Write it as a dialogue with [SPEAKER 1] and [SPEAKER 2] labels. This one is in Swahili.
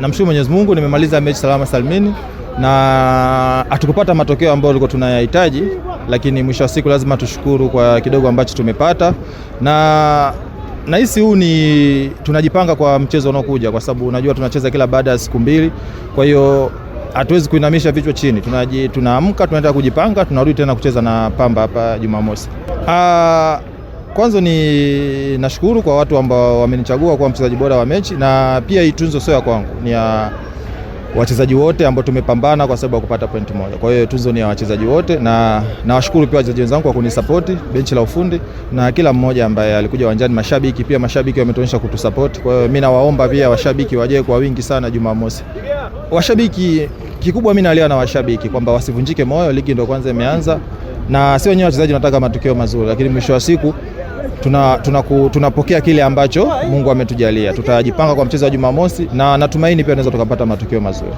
[SPEAKER 1] Namshukuru Mwenyezi Mungu, nimemaliza mechi salama salmini na hatukupata matokeo ambayo tulikuwa tunayahitaji, lakini mwisho wa siku lazima tushukuru kwa kidogo ambacho tumepata, na nahisi huu ni tunajipanga kwa mchezo unaokuja, kwa sababu unajua tunacheza kila baada ya siku mbili, kwa hiyo hatuwezi kuinamisha vichwa chini, tunaamka tunaenda kujipanga, tunarudi tena kucheza na Pamba hapa Jumamosi. Ah, kwanza ni nashukuru kwa watu ambao wamenichagua kuwa mchezaji bora wa mechi, na pia hii tunzo sio ya kwangu, ni ya wachezaji wote ambao tumepambana kwa sababu ya kupata point moja. Kwa hiyo tunzo ni ya wachezaji wote, na nawashukuru pia wachezaji wenzangu kwa kunisapoti, benchi la ufundi na kila mmoja ambaye alikuja uwanjani, mashabiki pia. Mashabiki wametuonyesha kutusapoti, kwa hiyo mimi nawaomba pia washabiki waje kwa wingi sana Jumamosi. Washabiki kikubwa mimi naelewa na washabiki kwamba wasivunjike moyo, ligi ndio kwanza imeanza, na si wenyewe wachezaji wanataka matokeo mazuri, lakini mwisho wa siku tunapokea tuna, tuna, kile ambacho Mungu ametujalia. Tutajipanga kwa mchezo wa Jumamosi na natumaini pia tunaweza tukapata matokeo mazuri.